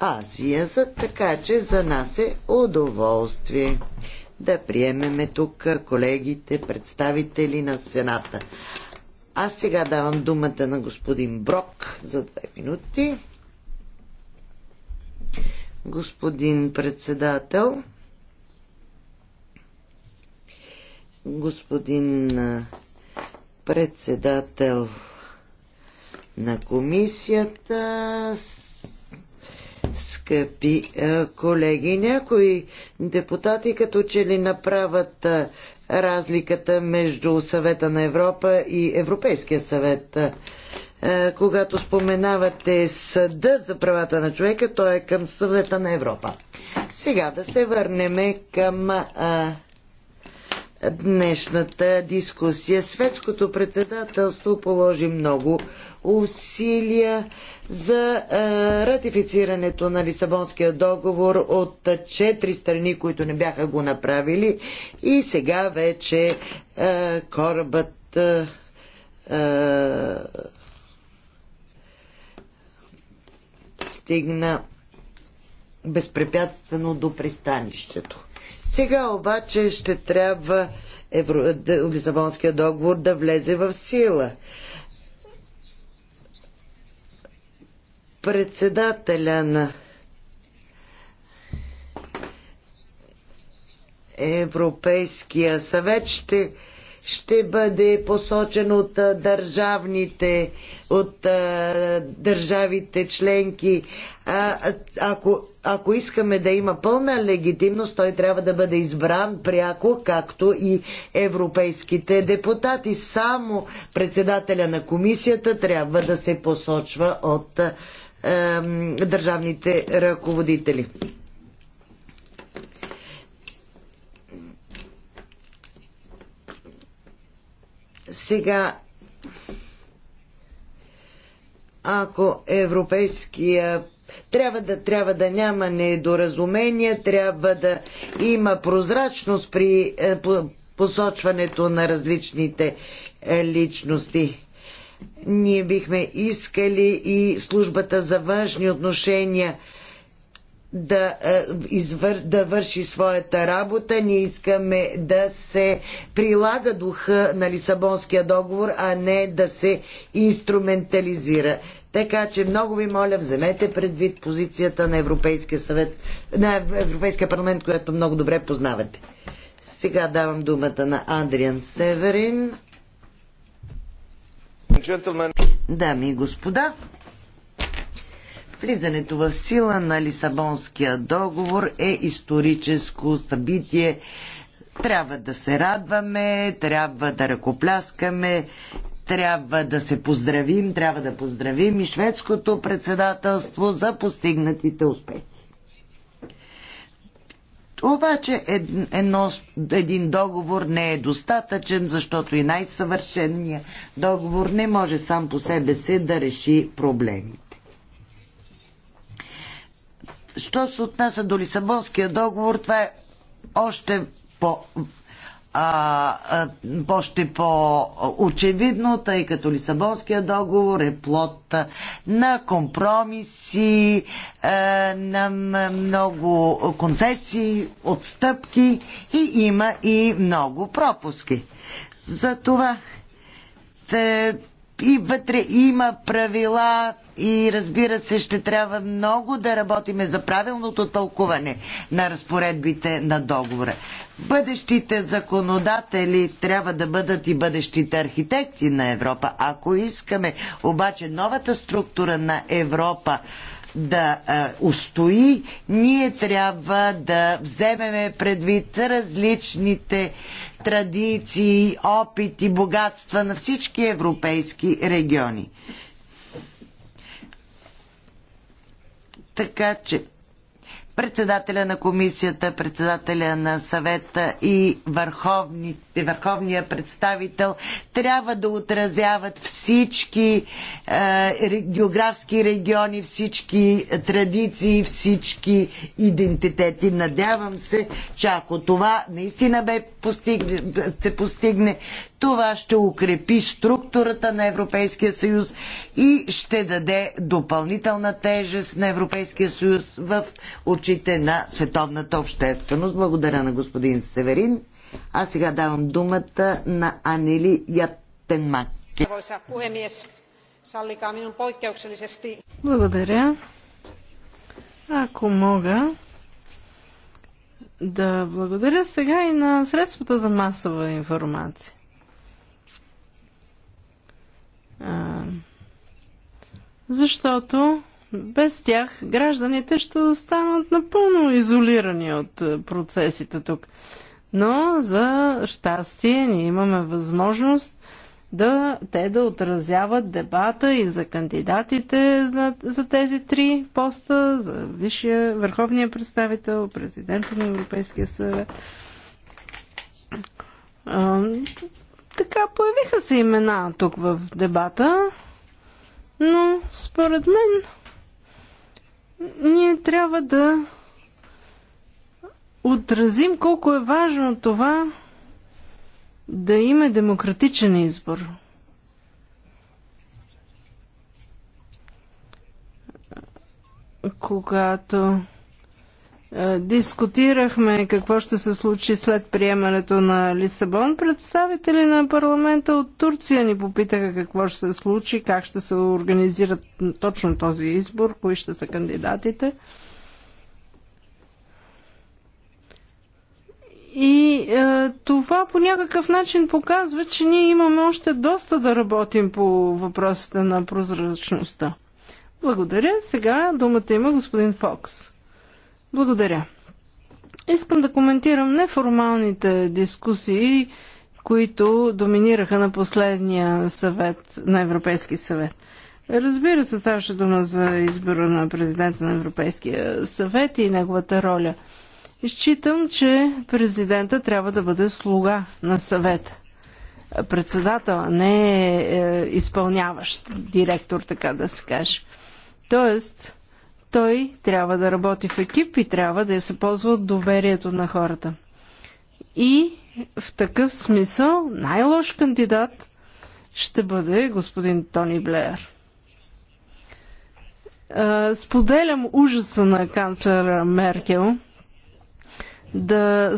Азия, за така че за нас е удоволствие да приемеме тук колегите, представители на Сената. Аз сега давам думата на господин Брок за две минути. Господин председател, господин председател на комисията, скъпи е, колеги. Някои депутати като че ли направят е, разликата между съвета на Европа и Европейския съвет. Е, когато споменавате съда за правата на човека, той е към съвета на Европа. Сега да се върнем към а, днешната дискусия. Светското председателство положи много усилия за ратифицирането на Лисабонския договор от четири страни, които не бяха го направили. И сега вече корабът стигна безпрепятствено до пристанището. Сега обаче ще трябва Евро... Лисабонския договор да влезе в сила. Председателя на Европейския съвет ще, ще бъде посочен от държавните, от държавите членки. А, ако ако искаме да има пълна легитимност, той трябва да бъде избран пряко, както и европейските депутати. Само председателя на комисията трябва да се посочва от е, държавните ръководители. Сега ако Европейския трябва да, трябва да няма недоразумения, трябва да има прозрачност при е, посочването на различните е, личности. Ние бихме искали и службата за външни отношения да, е, извър... да върши своята работа. Ние искаме да се прилага духа на Лисабонския договор, а не да се инструментализира. Така че много ви моля, вземете предвид позицията на Европейския съвет, на Европейския парламент, която много добре познавате. Сега давам думата на Адриан Северин. Дами и господа, влизането в сила на Лисабонския договор е историческо събитие. Трябва да се радваме, трябва да ръкопляскаме трябва да се поздравим, трябва да поздравим и шведското председателство за постигнатите успехи. Обаче едно, един договор не е достатъчен, защото и най-съвършенният договор не може сам по себе си да реши проблемите. Що се отнася до Лисабонския договор, това е още по, а, а, още по-очевидно, тъй като Лисабонския договор е плод на компромиси, а, е, на много концесии, отстъпки и има и много пропуски. Затова те, и вътре има правила и разбира се ще трябва много да работиме за правилното тълкуване на разпоредбите на договора бъдещите законодатели трябва да бъдат и бъдещите архитекти на Европа. Ако искаме обаче новата структура на Европа да устои, ние трябва да вземеме предвид различните традиции, опити, богатства на всички европейски региони. Така че председателя на комисията, председателя на съвета и върховния представител трябва да отразяват всички е, географски региони, всички традиции, всички идентитети. Надявам се, че ако това наистина бе постигне, се постигне, това ще укрепи структурата на Европейския съюз и ще даде допълнителна тежест на Европейския съюз в очи очите на световната общественост. Благодаря на господин Северин. А сега давам думата на Анели Ятенмак. Благодаря. Ако мога да благодаря сега и на средствата за масова информация. А, защото без тях гражданите ще останат напълно изолирани от е, процесите тук. Но за щастие ние имаме възможност да те да отразяват дебата и за кандидатите за, за тези три поста, за висшия върховния представител, президента на Европейския съвет. така появиха се имена тук в дебата, но според мен ние трябва да отразим колко е важно това да има демократичен избор. Когато е, дискутирахме какво ще се случи след приемането на Лисабон. Представители на парламента от Турция ни попитаха какво ще се случи, как ще се организират точно този избор, кои ще са кандидатите. И е, това по някакъв начин показва, че ние имаме още доста да работим по въпросите на прозрачността. Благодаря. Сега думата има господин Фокс. Благодаря. Искам да коментирам неформалните дискусии, които доминираха на последния съвет, на Европейски съвет. Разбира се, ставаше дума за избора на президента на Европейския съвет и неговата роля. Считам, че президента трябва да бъде слуга на съвета. Председател, не е, изпълняващ директор, така да се каже. Тоест, той трябва да работи в екип и трябва да се ползва от доверието на хората. И в такъв смисъл най-лош кандидат ще бъде господин Тони Блеер. Споделям ужаса на канцлера Меркел да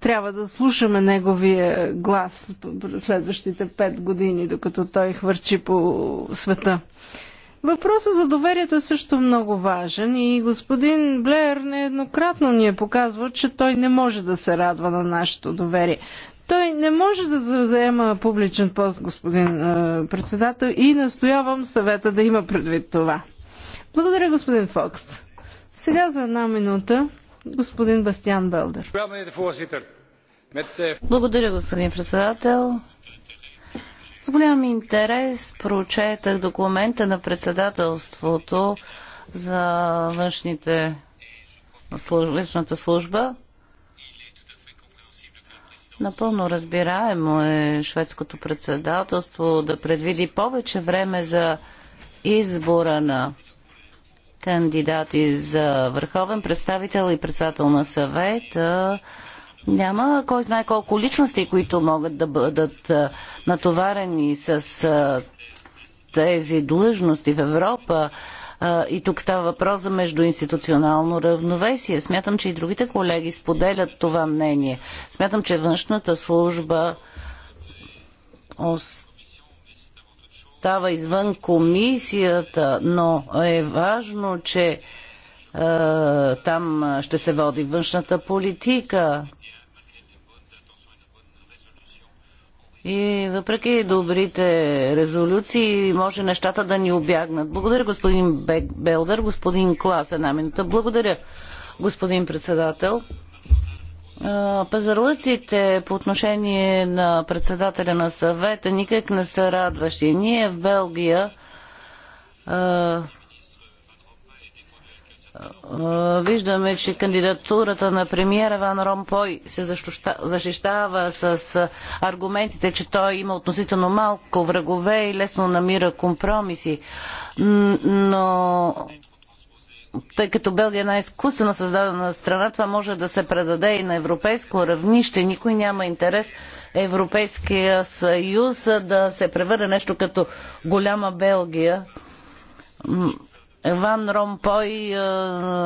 трябва да слушаме неговия глас през следващите пет години, докато той хвърчи по света. Въпросът за доверието е също много важен и господин Блеер нееднократно ни е показвал, че той не може да се радва на нашето доверие. Той не може да заема публичен пост, господин е, председател, и настоявам съвета да има предвид това. Благодаря, господин Фокс. Сега за една минута господин Бастиан Белдер. Е, Благодаря, господин председател. С голям интерес прочетах документа на председателството за външните външната служба. Напълно разбираемо е шведското председателство да предвиди повече време за избора на кандидати за върховен представител и председател на съвета няма кой знае колко личности, които могат да бъдат натоварени с тези длъжности в Европа. И тук става въпрос за междуинституционално равновесие. Смятам, че и другите колеги споделят това мнение. Смятам, че външната служба остава извън комисията, но е важно, че там ще се води външната политика. И въпреки добрите резолюции, може нещата да ни обягнат. Благодаря, господин Белдър. Господин Клас, една минута. Благодаря, господин председател. Пазарлъците по отношение на председателя на съвета никак не са радващи. Ние в Белгия Виждаме, че кандидатурата на премиера Ван Ромпой се защищава с аргументите, че той има относително малко врагове и лесно намира компромиси. Но тъй като Белгия е най изкуствено създадена страна, това може да се предаде и на европейско равнище. Никой няма интерес Европейския съюз да се превърне нещо като голяма Белгия. Ван Ромпой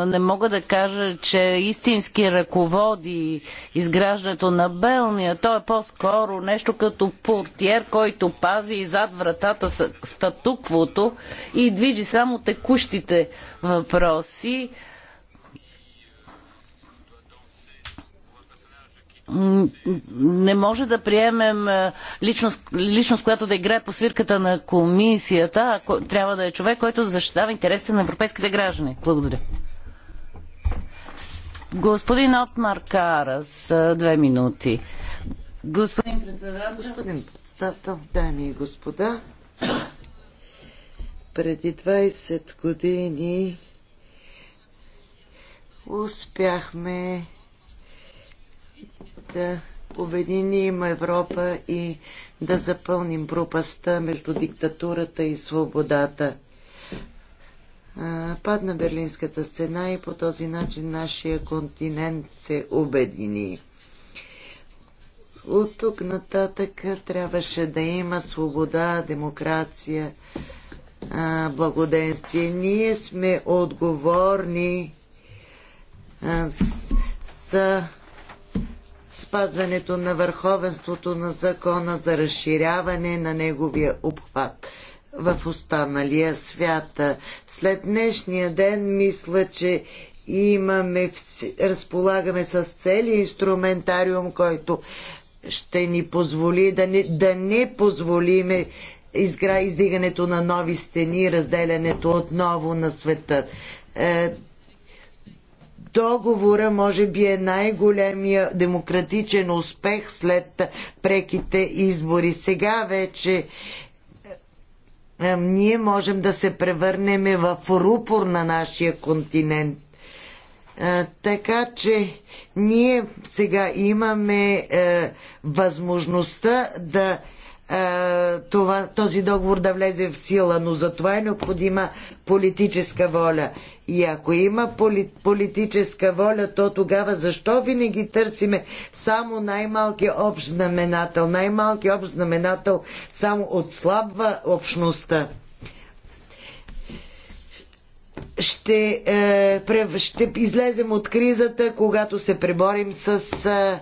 не мога да кажа, че истински ръководи изграждането на Белния. Той е по-скоро нещо като портиер, който пази зад вратата статуквото и движи само текущите въпроси. не може да приемем е, личност, личност, която да играе по свирката на комисията, а трябва да е човек, който защитава интересите на европейските граждани. Благодаря. Господин Отмар Карас, е, две минути. Господин председател. Господин председател, дами и господа, преди 20 години успяхме да обединим Европа и да запълним пропаста между диктатурата и свободата. Падна Берлинската стена и по този начин нашия континент се обедини. От тук нататък трябваше да има свобода, демокрация, благоденствие. Ние сме отговорни за спазването на върховенството на закона за разширяване на неговия обхват в останалия свят. След днешния ден мисля, че имаме, разполагаме с цели инструментариум, който ще ни позволи да не, да не позволиме изгра, издигането на нови стени, разделянето отново на света. Е, договора може би е най-големия демократичен успех след преките избори. Сега вече е, е, ние можем да се превърнем в рупор на нашия континент. Е, така че ние сега имаме възможността да е, това, този договор да влезе в сила, но за това е необходима политическа воля. И ако има политическа воля, то тогава защо винаги търсиме само най-малки общ знаменател? Най-малки общ знаменател само отслабва общността ще, е, ще излезем от кризата, когато се преборим с е,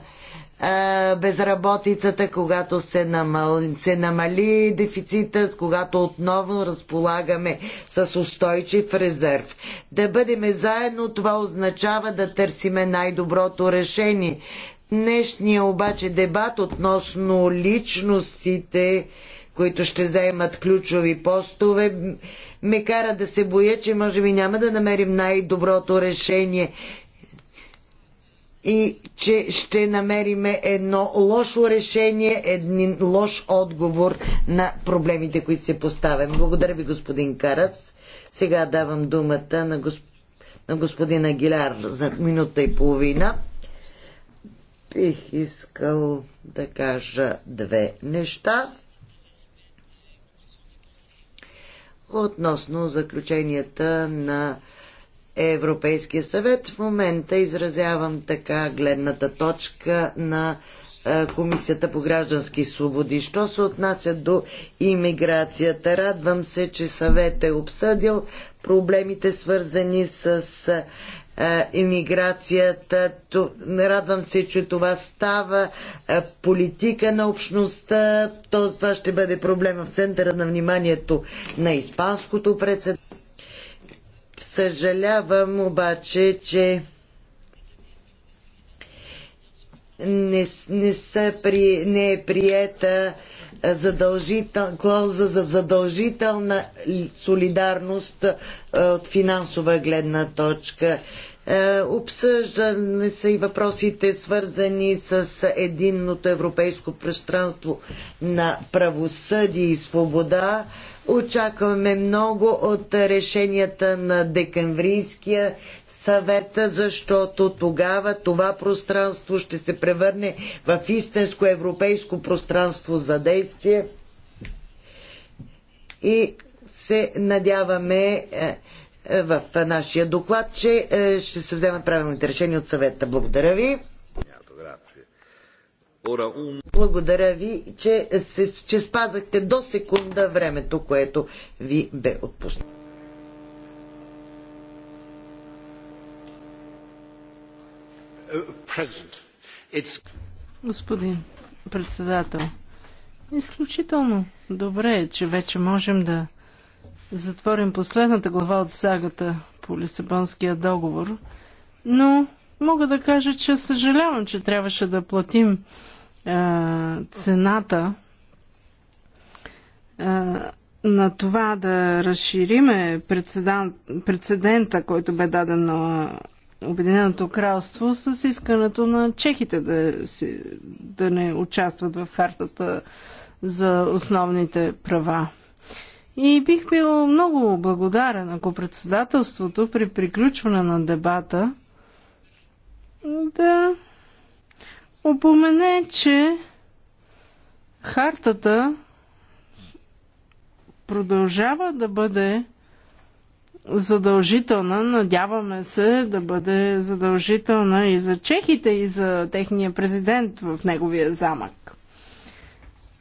безработицата, когато се намали, се намали дефицита, когато отново разполагаме с устойчив резерв. Да бъдем заедно, това означава да търсиме най-доброто решение. Днешният, обаче дебат относно личностите, които ще заемат ключови постове, ме кара да се боя, че може би няма да намерим най-доброто решение и че ще намериме едно лошо решение, един лош отговор на проблемите, които се поставям. Благодаря ви, господин Карас. Сега давам думата на, госп... на господин Агиляр за минута и половина. Бих искал да кажа две неща. Относно заключенията на Европейския съвет. В момента изразявам така гледната точка на е, Комисията по граждански свободи. Що се отнася до имиграцията? Радвам се, че съвет е обсъдил проблемите свързани с е, е, имиграцията. Радвам се, че това става. Политика на общността. Това ще бъде проблема в центъра на вниманието на Испанското председателство Съжалявам обаче, че не, не, са при, не е приета задължител, клауза за задължителна солидарност от финансова гледна точка. Е, обсъждани са и въпросите свързани с единното европейско пространство на правосъдие и свобода, Очакваме много от решенията на Декамврийския съвет, защото тогава това пространство ще се превърне в истинско европейско пространство за действие и се надяваме е, е, в нашия доклад, че е, ще се вземат правилните решения от съвета. Благодаря ви. Благодаря ви, че, че спазахте до секунда времето, което ви бе отпуснато. Господин председател, изключително добре е, че вече можем да затворим последната глава от сагата по Лисабонския договор, но мога да кажа, че съжалявам, че трябваше да платим цената на това да разшириме прецедента, който бе даден на Обединеното кралство с искането на чехите да, си, да не участват в хартата за основните права. И бих бил много благодарен, ако председателството при приключване на дебата да упомене, че хартата продължава да бъде задължителна. Надяваме се да бъде задължителна и за чехите, и за техния президент в неговия замък.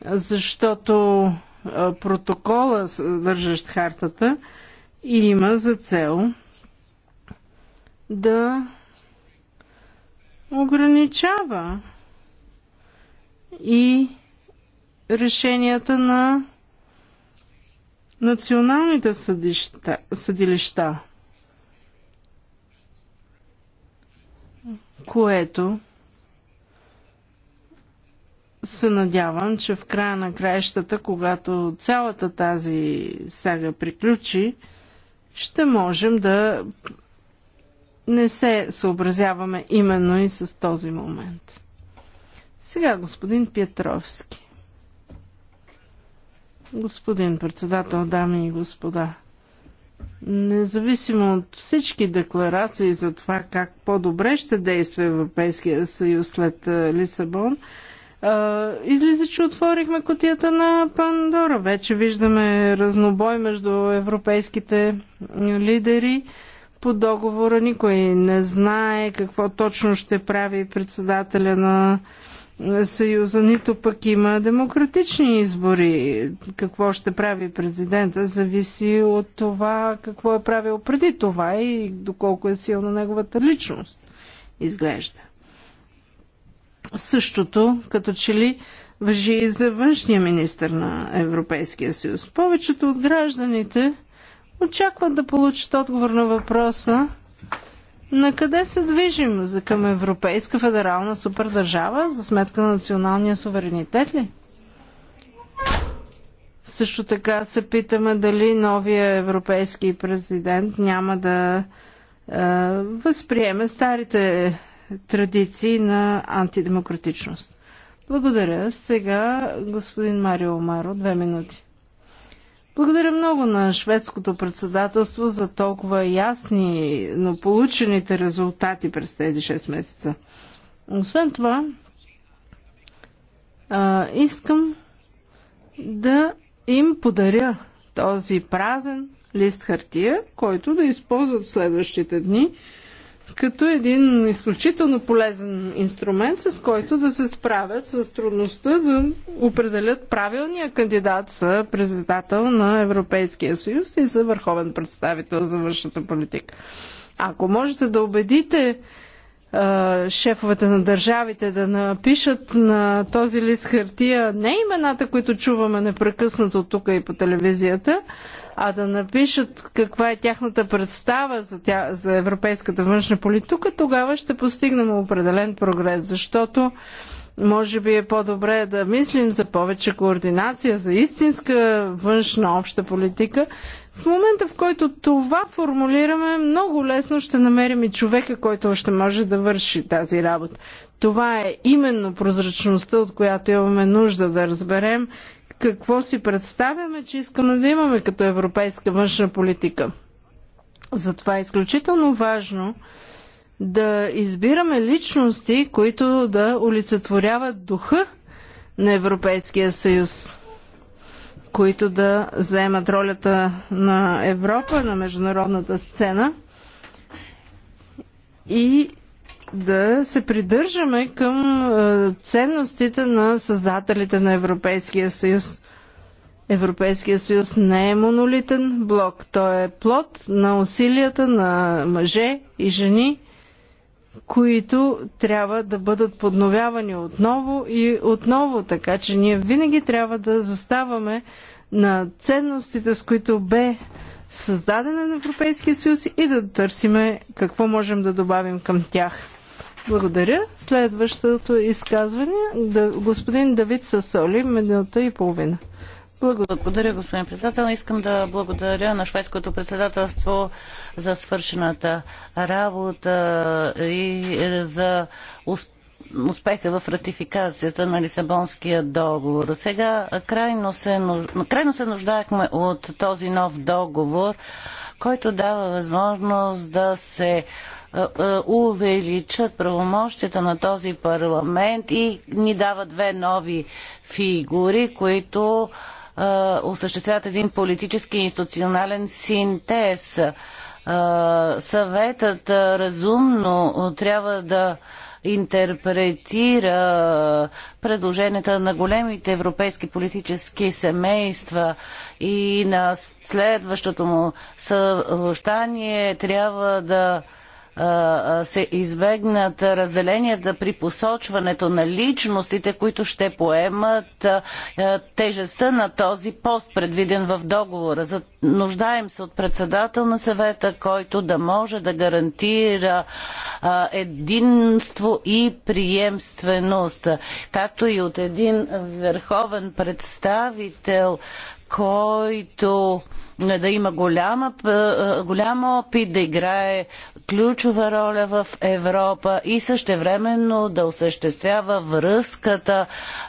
Защото протокола, държащ хартата, има за цел да ограничава и решенията на националните съдища, съдилища, което се надявам, че в края на краищата, когато цялата тази сага приключи, ще можем да не се съобразяваме именно и с този момент. Сега господин Петровски. Господин председател, дами и господа, независимо от всички декларации за това как по-добре ще действа Европейския съюз след Лисабон, излиза, че отворихме котията на Пандора. Вече виждаме разнобой между европейските лидери по договора. Никой не знае какво точно ще прави председателя на Съюза, нито пък има демократични избори. Какво ще прави президента зависи от това какво е правил преди това и доколко е силна неговата личност. Изглежда. Същото, като че ли въжи и за външния министр на Европейския съюз. Повечето от гражданите очакват да получат отговор на въпроса на къде се движим? За към Европейска федерална супердържава за сметка на националния суверенитет ли? Също така се питаме дали новия европейски президент няма да е, възприеме старите традиции на антидемократичност. Благодаря. Сега господин Марио Омаро, две минути. Благодаря много на шведското председателство за толкова ясни, но получените резултати през тези 6 месеца. Освен това, а, искам да им подаря този празен лист хартия, който да използват следващите дни като един изключително полезен инструмент, с който да се справят с трудността да определят правилния кандидат за председател на Европейския съюз и за върховен представител за външната политика. Ако можете да убедите шефовете на държавите да напишат на този лист хартия не имената, които чуваме непрекъснато тук и по телевизията, а да напишат каква е тяхната представа за, тя, за европейската външна политика, тогава ще постигнем определен прогрес, защото може би е по-добре да мислим за повече координация, за истинска външна обща политика, в момента, в който това формулираме, много лесно ще намерим и човека, който още може да върши тази работа. Това е именно прозрачността, от която имаме нужда да разберем какво си представяме, че искаме да имаме като европейска външна политика. Затова е изключително важно да избираме личности, които да олицетворяват духа на Европейския съюз които да заемат ролята на Европа на международната сцена и да се придържаме към е, ценностите на създателите на Европейския съюз. Европейския съюз не е монолитен блок. Той е плод на усилията на мъже и жени, които трябва да бъдат подновявани отново и отново, така че ние винаги трябва да заставаме на ценностите, с които бе създадена на Европейския съюз и да търсиме какво можем да добавим към тях. Благодаря. Следващото изказване да, господин Давид Сасоли, минута и половина. Благодаря. господин председател. Искам да благодаря на шведското председателство за свършената работа и за успеха в ратификацията на Лисабонския договор. Сега крайно се, крайно се нуждаехме от този нов договор, който дава възможност да се увеличат правомощията на този парламент и ни дават две нови фигури, които осъществяват един политически и институционален синтез. Съветът разумно трябва да интерпретира предложенията на големите европейски политически семейства и на следващото му съвещание трябва да се избегнат разделенията при посочването на личностите, които ще поемат тежестта на този пост, предвиден в договора. Нуждаем се от председател на съвета, който да може да гарантира единство и приемственост, както и от един върховен представител, който е, да има голям, е, голям опит, да играе ключова роля в Европа и същевременно да осъществява връзката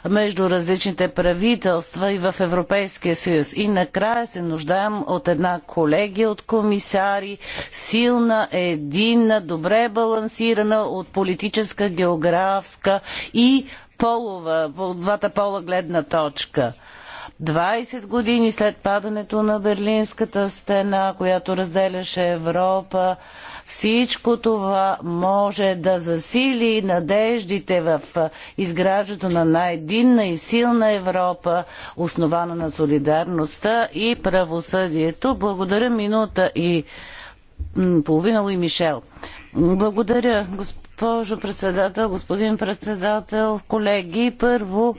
между различните правителства и в Европейския съюз. И накрая се нуждаем от една колегия от комисари, силна, единна, добре балансирана от политическа, географска и полова, от двата пола гледна точка. 20 години след падането на Берлинската стена, която разделяше Европа, всичко това може да засили надеждите в изграждането на най-единна и силна Европа, основана на солидарността и правосъдието. Благодаря минута и половина Луи Мишел. Благодаря, госпожо председател, господин председател, колеги. Първо,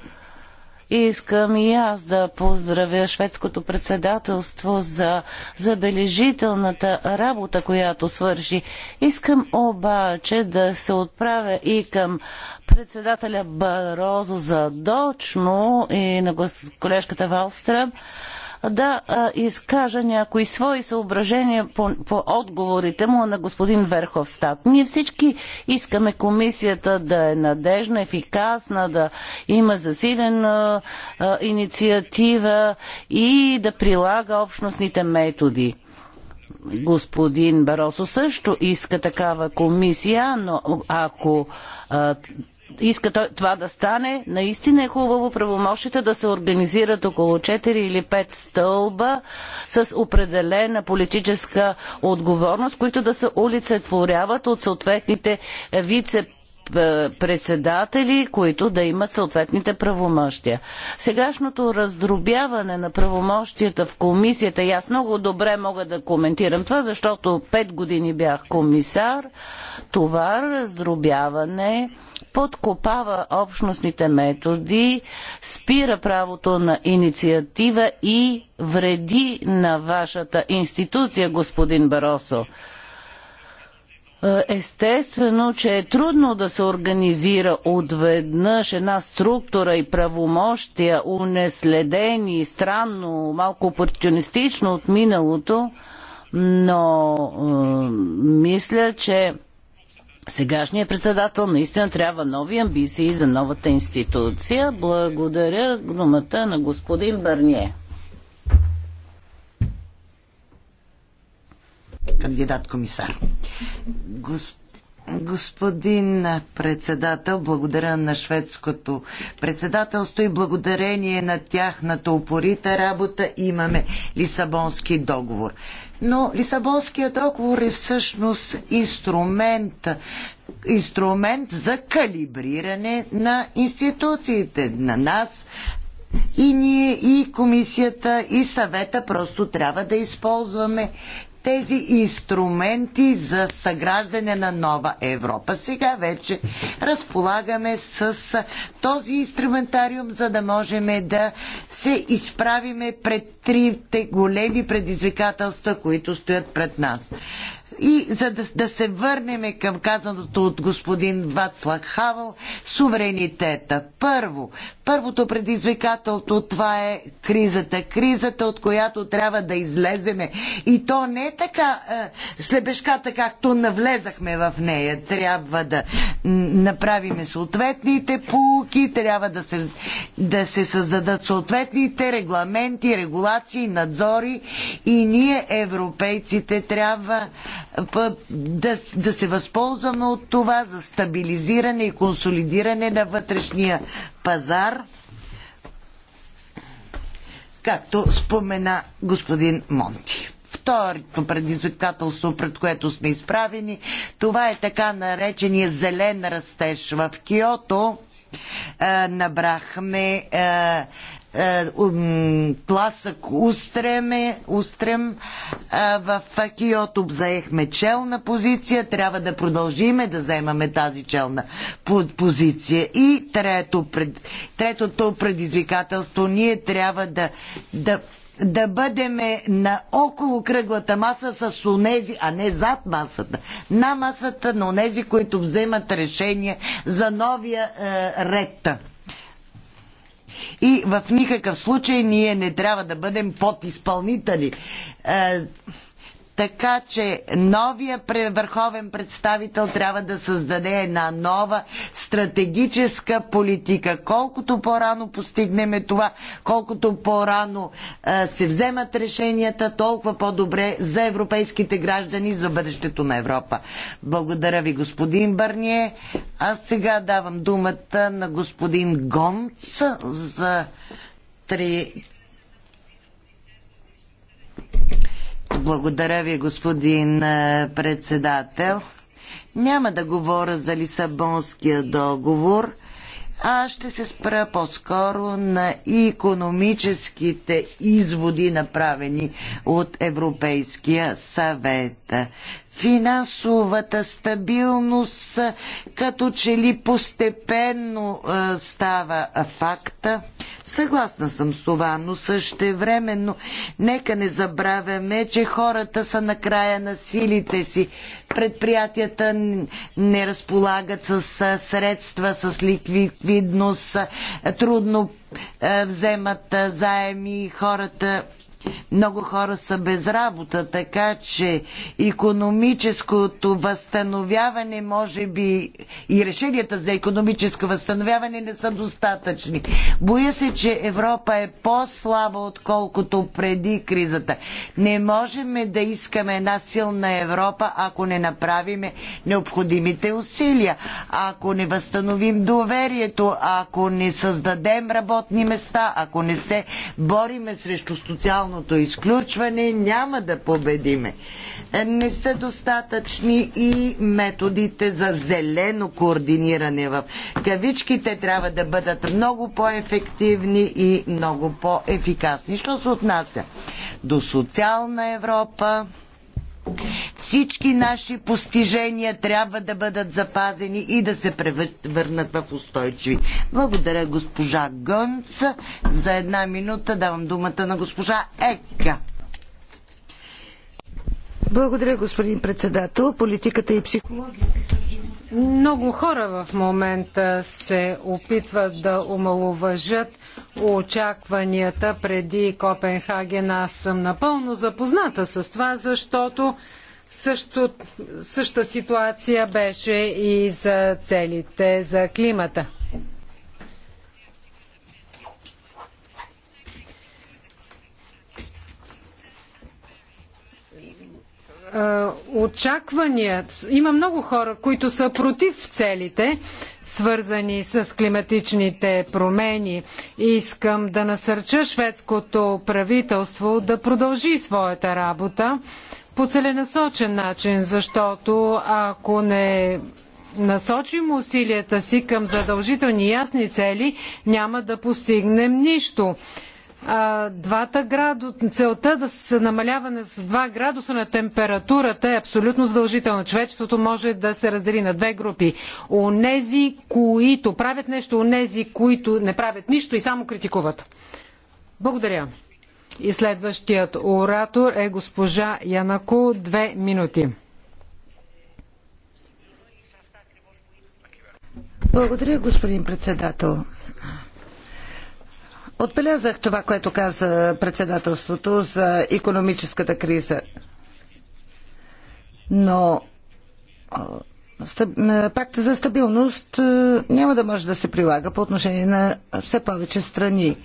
Искам и аз да поздравя шведското председателство за забележителната работа, която свърши. Искам обаче да се отправя и към председателя Барозо задочно и на колежката Валстръм да изкажа някои свои съображения по, по отговорите му на господин Верховстат. Ние всички искаме комисията да е надежна, ефикасна, да има засилена а, инициатива и да прилага общностните методи господин Баросо също иска такава комисия, но ако а, иска това да стане, наистина е хубаво правомощите да се организират около 4 или 5 стълба с определена политическа отговорност, които да се олицетворяват от съответните вице е, председатели, които да имат съответните правомощия. Сегашното раздробяване на правомощията в комисията, и аз много добре мога да коментирам това, защото пет години бях комисар, това раздробяване подкопава общностните методи, спира правото на инициатива и вреди на вашата институция, господин Баросо. Е, естествено, че е трудно да се организира отведнъж една структура и правомощия, унаследени, странно, малко опортунистично от миналото, но е, мисля, че сегашният председател наистина трябва нови амбиции за новата институция. Благодаря думата е на господин Бърние. Кандидат комисар. Господин председател, благодаря на шведското председателство и благодарение на тяхната упорита работа имаме Лисабонски договор. Но Лисабонският договор е всъщност инструмент, инструмент за калибриране на институциите, на нас, и ние, и комисията, и съвета просто трябва да използваме тези инструменти за съграждане на нова Европа. Сега вече разполагаме с този инструментариум, за да можем да се изправиме пред трите големи предизвикателства, които стоят пред нас. И за да, да се върнем към казаното от господин Вацлав Хавел, суверенитета. Първо, първото предизвикателство това е кризата. Кризата, от която трябва да излеземе. И то не е така е, слебешката, както навлезахме в нея. Трябва да направиме съответните полуки, трябва да се, да се създадат съответните регламенти, регулации, надзори. И ние, европейците, трябва да, да се възползваме от това за стабилизиране и консолидиране на вътрешния пазар, както спомена господин Монти второто предизвикателство, пред което сме изправени. Това е така наречения зелен растеж в Киото. Е, набрахме е, е, тласък устреме, устрем в Киото заехме челна позиция, трябва да продължиме да заемаме тази челна позиция. И трето, пред, третото предизвикателство, ние трябва да, да да бъдем на около кръглата маса с онези, а не зад масата, на масата на онези, които вземат решение за новия е, ред. И в никакъв случай ние не трябва да бъдем подизпълнители. Е, така че новия върховен представител трябва да създаде една нова стратегическа политика. Колкото по-рано постигнем това, колкото по-рано е, се вземат решенията, толкова по-добре за европейските граждани, за бъдещето на Европа. Благодаря ви, господин Барние. Аз сега давам думата на господин Гонц за три благодаря ви, господин е, председател. Няма да говоря за Лисабонския договор, а ще се спра по-скоро на економическите изводи, направени от Европейския съвет финансовата стабилност като че ли постепенно става факта. Съгласна съм с това, но същевременно нека не забравяме, че хората са на края на силите си. Предприятията не разполагат с средства, с ликвидност, трудно вземат заеми, хората много хора са без работа, така че економическото възстановяване, може би и решенията за економическо възстановяване не са достатъчни. Боя се, че Европа е по-слаба, отколкото преди кризата. Не можем да искаме една силна Европа, ако не направиме необходимите усилия, ако не възстановим доверието, ако не създадем работни места, ако не се бориме срещу социалната социалното изключване няма да победиме. Не са достатъчни и методите за зелено координиране в кавичките трябва да бъдат много по-ефективни и много по-ефикасни. Що се отнася до социална Европа, всички наши постижения трябва да бъдат запазени и да се превърнат в устойчиви. Благодаря госпожа Гънц. За една минута давам думата на госпожа Ека. Благодаря, господин председател. Политиката и психологията много хора в момента се опитват да омалуважат очакванията преди Копенхаген. Аз съм напълно запозната с това, защото също, същата ситуация беше и за целите за климата. Е, очаквания. Има много хора, които са против целите, свързани с климатичните промени. Искам да насърча шведското правителство да продължи своята работа по целенасочен начин, защото ако не насочим усилията си към задължителни ясни цели, няма да постигнем нищо двата градуса, целта да се намаляване с 2 градуса на температурата е абсолютно задължителна. Човечеството може да се раздели на две групи. Онези, които правят нещо, онези, които не правят нищо и само критикуват. Благодаря. И следващият оратор е госпожа Янако. Две минути. Благодаря, господин председател. Отбелязах това, което каза председателството за економическата криза. Но пакта за стабилност няма да може да се прилага по отношение на все повече страни.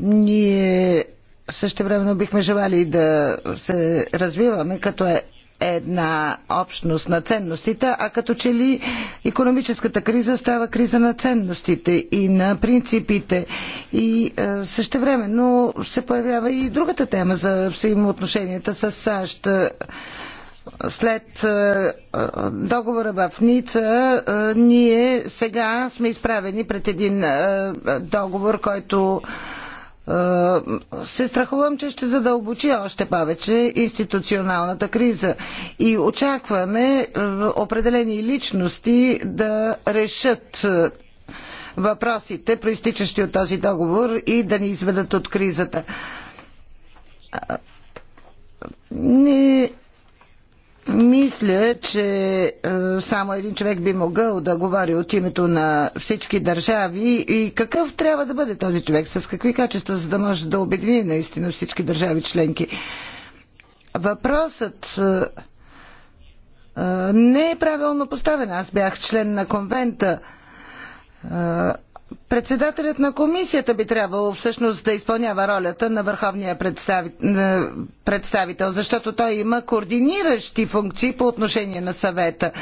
Ние също времено бихме желали да се развиваме като е една общност на ценностите, а като че ли економическата криза става криза на ценностите и на принципите. И е, същевременно се появява и другата тема за взаимоотношенията с САЩ след е, е, договора в Ница, е, ние сега сме изправени пред един договор, който се страхувам, че ще задълбочи още повече институционалната криза и очакваме е, определени личности да решат е, въпросите, проистичащи от този договор и да ни изведат от кризата. Не мисля, че е, само един човек би могъл да говори от името на всички държави и какъв трябва да бъде този човек, с какви качества, за да може да обедини наистина всички държави членки. Въпросът е, е, не е правилно поставен. Аз бях член на конвента Председателят на комисията би трябвало всъщност да изпълнява ролята на върховния представител, защото той има координиращи функции по отношение на съвета.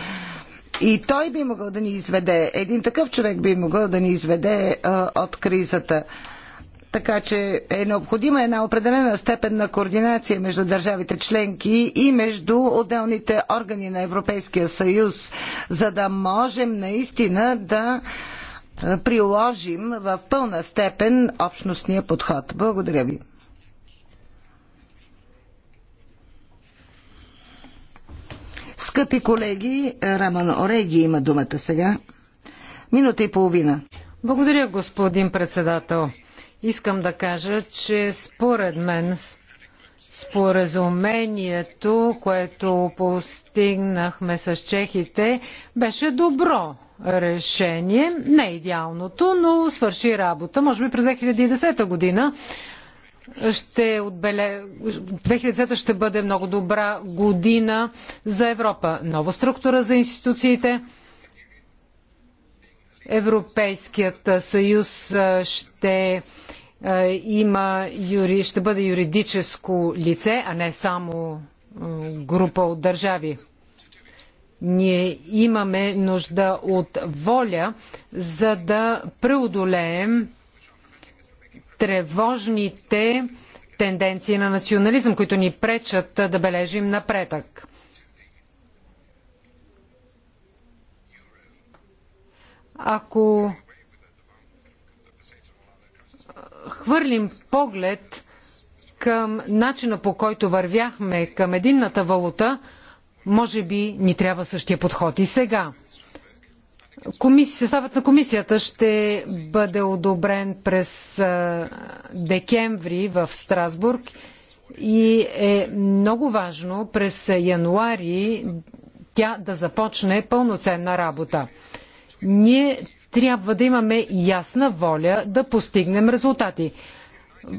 И той би могъл да ни изведе, един такъв човек би могъл да ни изведе а, от кризата. Така че е необходима една определена степен на координация между държавите членки и между отделните органи на Европейския съюз, за да можем наистина да а, приложим в пълна степен общностния подход. Благодаря ви. Скъпи колеги, Раман Ореги има думата сега. Минута и половина. Благодаря, господин председател. Искам да кажа, че според мен Споразумението, което постигнахме с чехите, беше добро решение. Не идеалното, но свърши работа. Може би през 2010 година ще отбеле... 2010 ще бъде много добра година за Европа. Нова структура за институциите. Европейският съюз ще е, има юри, ще бъде юридическо лице, а не само е, група от държави. Ние имаме нужда от воля, за да преодолеем тревожните тенденции на национализъм, които ни пречат да бележим напредък. Ако хвърлим поглед към начина по който вървяхме към единната валута, може би ни трябва същия подход и сега. съставът на комисията ще бъде одобрен през декември в Страсбург и е много важно през януари тя да започне пълноценна работа. Ние трябва да имаме ясна воля да постигнем резултати.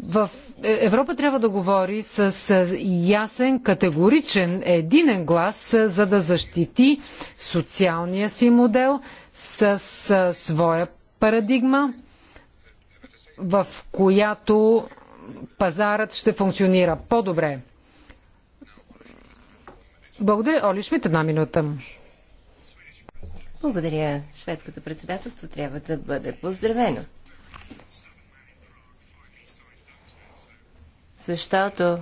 В е, Европа трябва да говори с ясен, категоричен, единен глас, е, за да защити социалния си модел с е, своя парадигма, в която пазарът ще функционира по-добре. Благодаря, Оли Шмидт, една минута. Благодаря. Шведското председателство трябва да бъде поздравено. Защото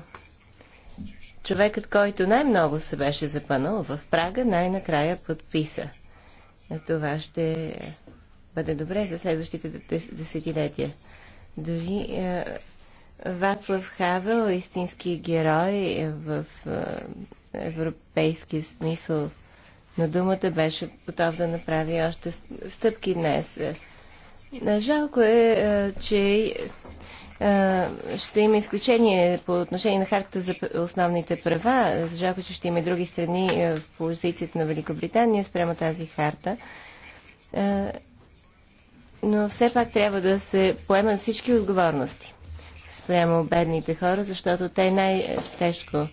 човекът, който най-много се беше запънал в Прага, най-накрая подписа. Това ще бъде добре за следващите десетилетия. Дори е, Вацлав Хавел, истински герой в е, европейски смисъл, на думата, беше готов да направи още стъпки днес. Е, жалко е, е че е, ще има изключение по отношение на хартата за основните права. Жалко, че ще има и други страни в позицията на Великобритания спрямо тази харта. Но все пак трябва да се поемат всички отговорности спрямо бедните хора, защото те най-тежко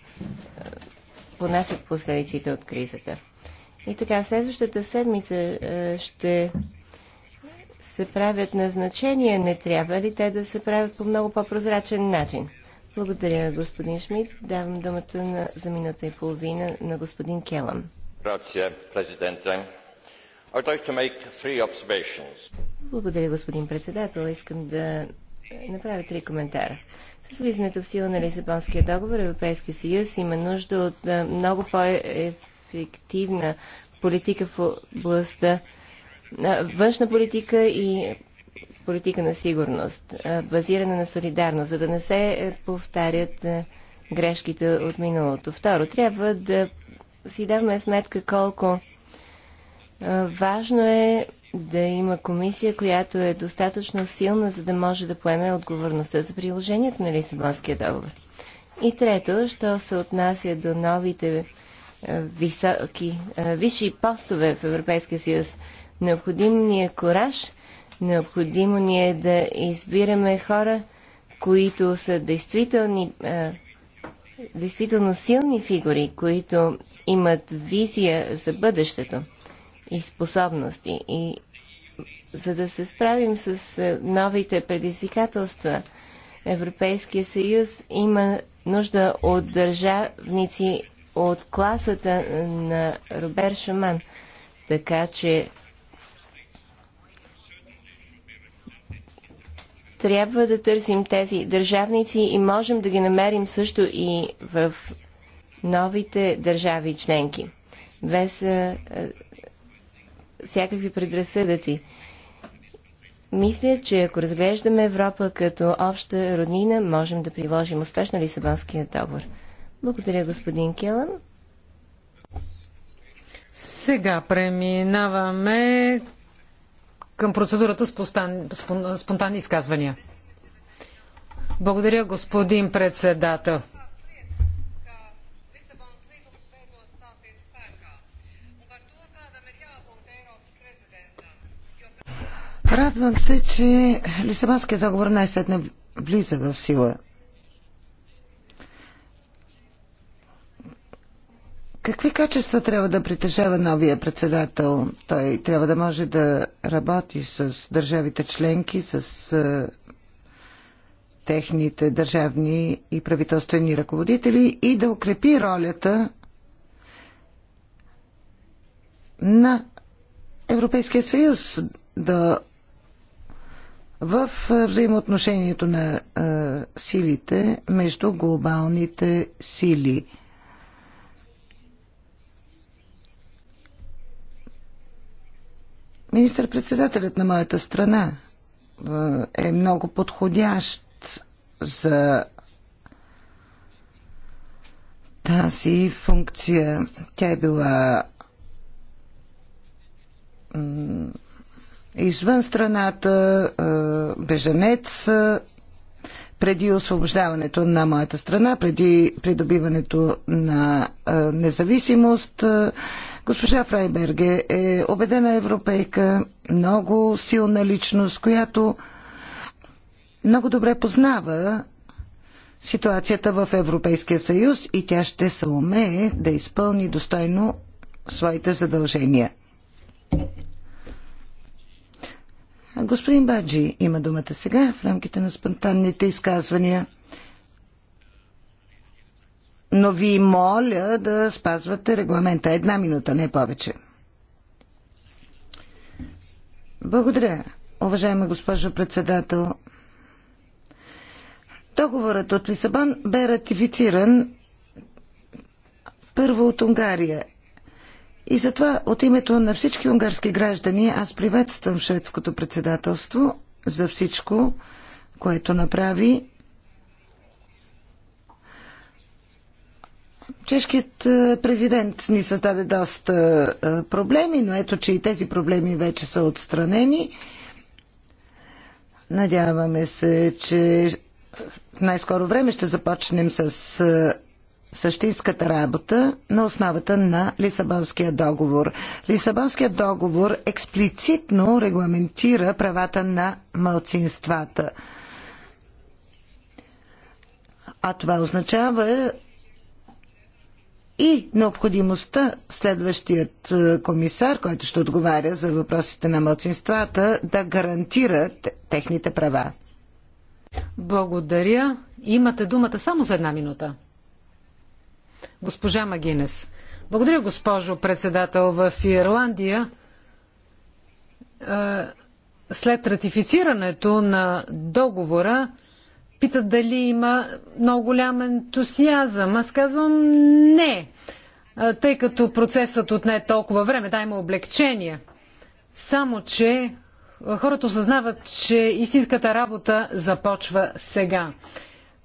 понасят последиците от кризата. И така, следващата седмица е, ще се правят назначения, не трябва ли те да се правят по много по-прозрачен начин? Благодаря, господин Шмидт. Давам думата на, за минута и половина на господин Келъм. Благодаря, господин председател. Искам да направя три коментара. С влизането в сила на Лисабонския договор Европейския съюз има нужда от е, много по ефективна политика в областта външна политика и политика на сигурност, базирана на солидарност, за да не се повтарят грешките от миналото. Второ, трябва да си даваме сметка колко важно е да има комисия, която е достатъчно силна, за да може да поеме отговорността за приложението на Лисабонския договор. И трето, що се отнася до новите високи, висши постове в Европейския съюз. Необходим ни е кораж, необходимо ни е да избираме хора, които са действителни, действително силни фигури, които имат визия за бъдещето и способности. И за да се справим с новите предизвикателства, Европейския съюз има нужда от държавници от класата на Робер Шаман. Така че трябва да търсим тези държавници и можем да ги намерим също и в новите държави членки. Без а, а, всякакви предразсъдъци. Мисля, че ако разглеждаме Европа като обща роднина, можем да приложим успешно Лисабонския договор. Благодаря, господин Келан. Сега преминаваме към процедурата спонтан... спонтанни изказвания. Благодаря, господин председател. Радвам се, че Лисабонският договор най-сетне влиза в сила. Какви качества трябва да притежава новия председател? Той трябва да може да работи с държавите членки, с е, техните държавни и правителствени ръководители и да укрепи ролята на Европейския съюз да в взаимоотношението на е, силите между глобалните сили – Министър-председателят на моята страна е много подходящ за тази функция. Тя е била извън страната, беженец преди освобождаването на моята страна, преди придобиването на независимост. Госпожа Фрайберге е убедена европейка, много силна личност, която много добре познава ситуацията в Европейския съюз и тя ще се умее да изпълни достойно своите задължения. Господин Баджи има думата сега в рамките на спонтанните изказвания. Но ви моля да спазвате регламента. Една минута, не повече. Благодаря, уважаема госпожо председател. Договорът от Лисабон бе ратифициран първо от Унгария и затова от името на всички унгарски граждани аз приветствам шведското председателство за всичко, което направи. Чешкият е, президент ни създаде доста е, проблеми, но ето, че и тези проблеми вече са отстранени. Надяваме се, че в най-скоро време ще започнем с е, същинската работа на основата на Лисабонския договор. Лисабонският договор експлицитно регламентира правата на малцинствата. А това означава и необходимостта следващият е, комисар, който ще отговаря за въпросите на младсинствата, да гарантира техните права. Благодаря. Имате думата само за една минута. Госпожа Магинес. Благодаря, госпожо председател. В Ирландия след ратифицирането на договора питат дали има много голям ентусиазъм. Аз казвам не, тъй като процесът отне толкова време. Да, има облегчения. Само, че хората осъзнават, че истинската работа започва сега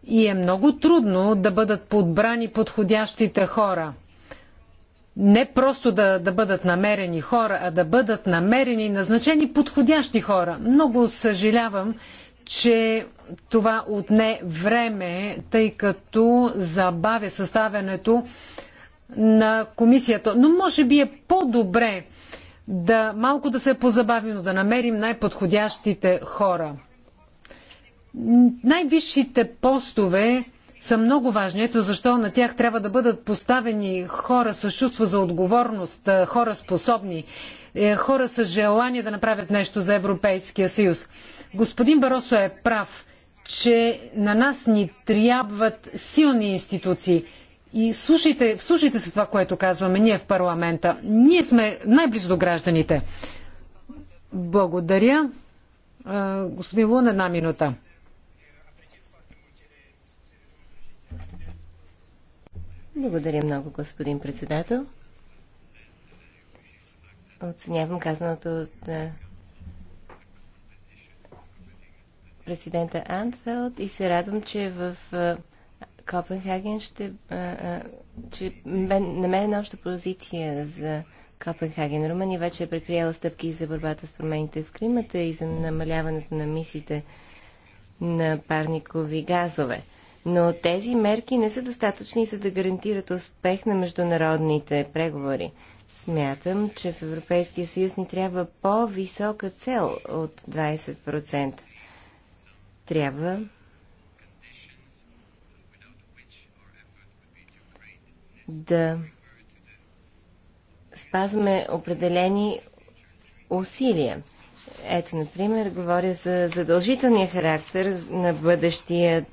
и е много трудно да бъдат подбрани подходящите хора. Не просто да, да бъдат намерени хора, а да бъдат намерени и назначени подходящи хора. Много съжалявам, че това отне време, тъй като забавя съставянето на комисията. Но може би е по-добре да малко да се позабавим, но да намерим най-подходящите хора най-висшите постове са много важни. Ето защо на тях трябва да бъдат поставени хора с чувство за отговорност, хора способни, е, хора с желание да направят нещо за Европейския съюз. Господин Баросо е прав, че на нас ни трябват силни институции. И слушайте, слушайте се това, което казваме ние в парламента. Ние сме най-близо до гражданите. Благодаря. Господин Лун, една минута. Благодаря много, господин председател. Оценявам казаното от президента Антфелд и се радвам, че в Копенхаген ще... че е обща позиция за Копенхаген. Румъния вече е предприела стъпки за борбата с промените в климата и за намаляването на мисиите на парникови газове но тези мерки не са достатъчни за да гарантират успех на международните преговори. Смятам, че в Европейския съюз ни трябва по-висока цел от 20%. Трябва да спазваме определени усилия. Ето, например, говоря за задължителния характер на бъдещия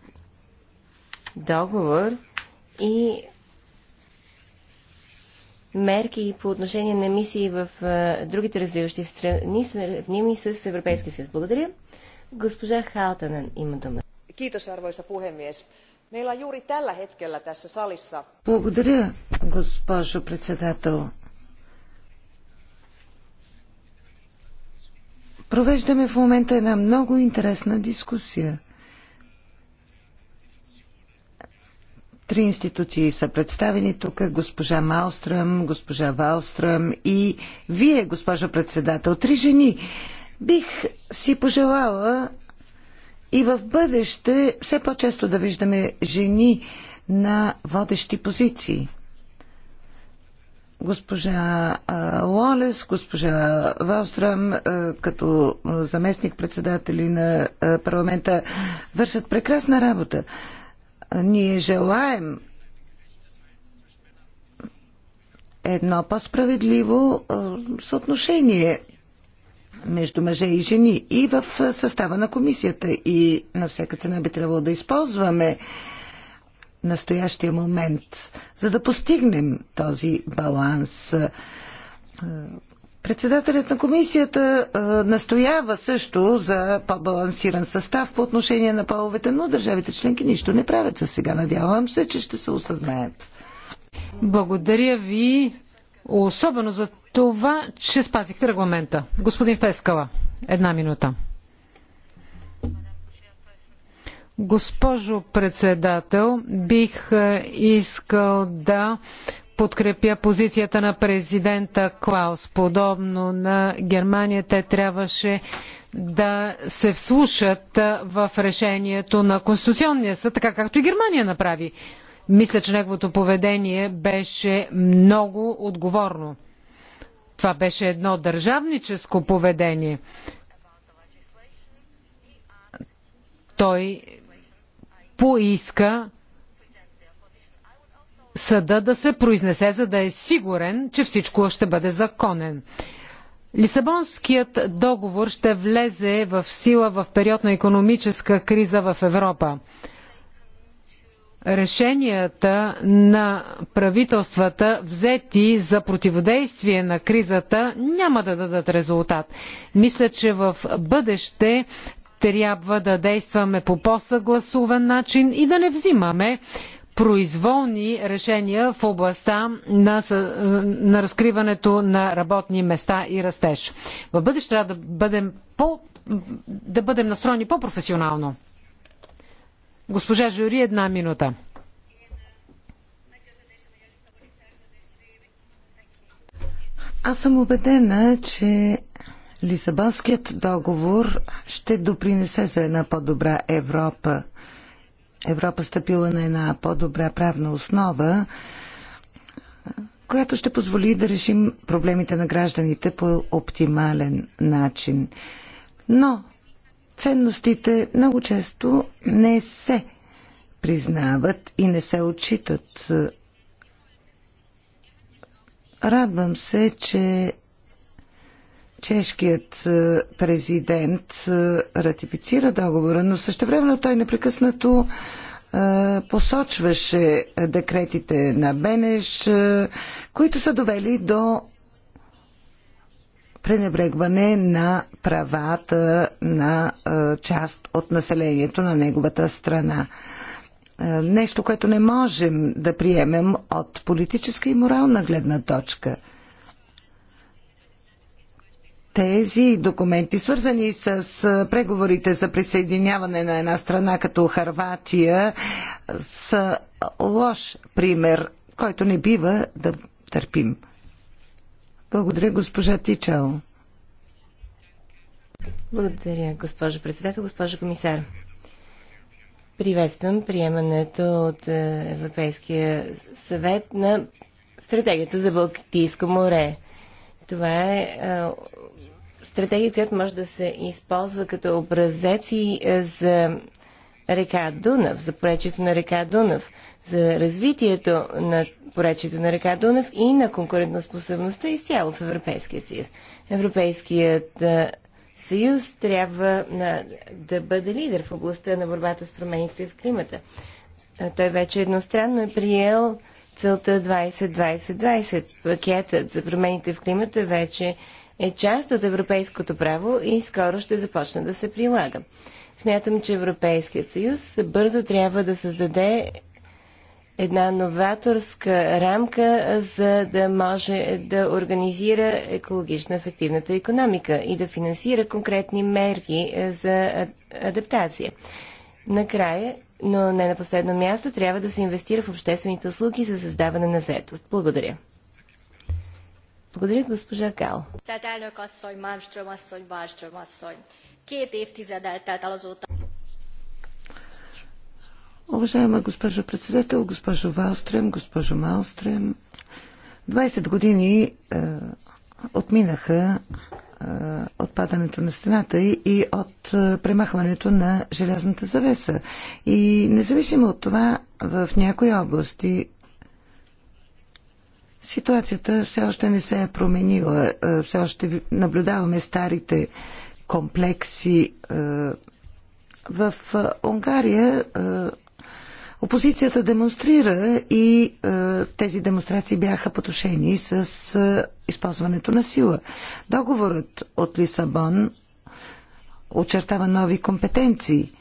договор и мерки по отношение на мисии в другите развиващи страни, сравними с Европейския съюз. Благодаря. Госпожа Халтанен има дума. Китос, пухемиес. Мейла юри салиса. Благодаря, госпожо председател. Провеждаме в момента една много интересна дискусия. Три институции са представени тук. Госпожа Малстръм, госпожа Валстръм и вие, госпожа председател. Три жени. Бих си пожелала и в бъдеще все по-често да виждаме жени на водещи позиции. Госпожа Лолес, госпожа Валстрам, като заместник-председатели на парламента, вършат прекрасна работа. Ние желаем едно по-справедливо съотношение между мъже и жени и в състава на комисията. И на всяка цена би трябвало да използваме настоящия момент, за да постигнем този баланс. Председателят на комисията а, настоява също за по-балансиран състав по отношение на половете, но държавите членки нищо не правят за сега. Надявам се, че ще се осъзнаят. Благодаря ви особено за това, че спазихте регламента. Господин Фескала, една минута. Госпожо председател, бих искал да подкрепя позицията на президента Клаус. Подобно на Германия, те трябваше да се вслушат в решението на Конституционния съд, така както и Германия направи. Мисля, че неговото поведение беше много отговорно. Това беше едно държавническо поведение. Той поиска съда да се произнесе, за да е сигурен, че всичко ще бъде законен. Лисабонският договор ще влезе в сила в период на економическа криза в Европа. Решенията на правителствата, взети за противодействие на кризата, няма да дадат резултат. Мисля, че в бъдеще трябва да действаме по по-съгласуван начин и да не взимаме произволни решения в областта на, на разкриването на работни места и растеж. В бъдеще трябва да бъдем, по, да бъдем настроени по-професионално. Госпожа Жюри, една минута. Аз съм убедена, че Лисабонският договор ще допринесе за една по-добра Европа. Европа стъпила на една по-добра правна основа, която ще позволи да решим проблемите на гражданите по оптимален начин. Но ценностите много често не се признават и не се отчитат. Радвам се, че чешкият е, президент е, ратифицира договора, но същевременно той непрекъснато е, посочваше декретите на Бенеш, които са довели до пренебрегване на правата на част от населението на неговата страна. Нещо, което не можем да приемем от политическа и морална гледна точка – тези документи, свързани с преговорите за присъединяване на една страна като Харватия, са лош пример, който не бива да търпим. Благодаря, госпожа Тичао. Благодаря, госпожо председател, госпожа комисар. Приветствам приемането от Европейския съвет на стратегията за Балтийско море. Това е, е стратегия, която може да се използва като образец и е, за река Дунав, за поречието на река Дунав, за развитието на поречието на река Дунав и на конкурентоспособността изцяло в Европейския съюз. Европейският е, съюз трябва на, да бъде лидер в областта на борбата с промените в климата. Той вече едностранно е приел целта 20-20-20. Пакетът за промените в климата вече е част от европейското право и скоро ще започне да се прилага. Смятам, че Европейският съюз бързо трябва да създаде една новаторска рамка, за да може да организира екологично ефективната економика и да финансира конкретни мерки за адаптация. Накрая, но не на последно място, трябва да се инвестира в обществените услуги за създаване на заетост. Благодаря. Благодаря, госпожа Гал. Уважаема госпожа председател, госпожо Валстрем, госпожо Малстрем, 20 години е, отминаха отпадането на стената и, и от премахването на желязната завеса. И независимо от това, в някои области ситуацията все още не се е променила. Все още наблюдаваме старите комплекси. В Унгария Опозицията демонстрира и е, тези демонстрации бяха потушени с е, използването на сила. Договорът от Лисабон очертава нови компетенции.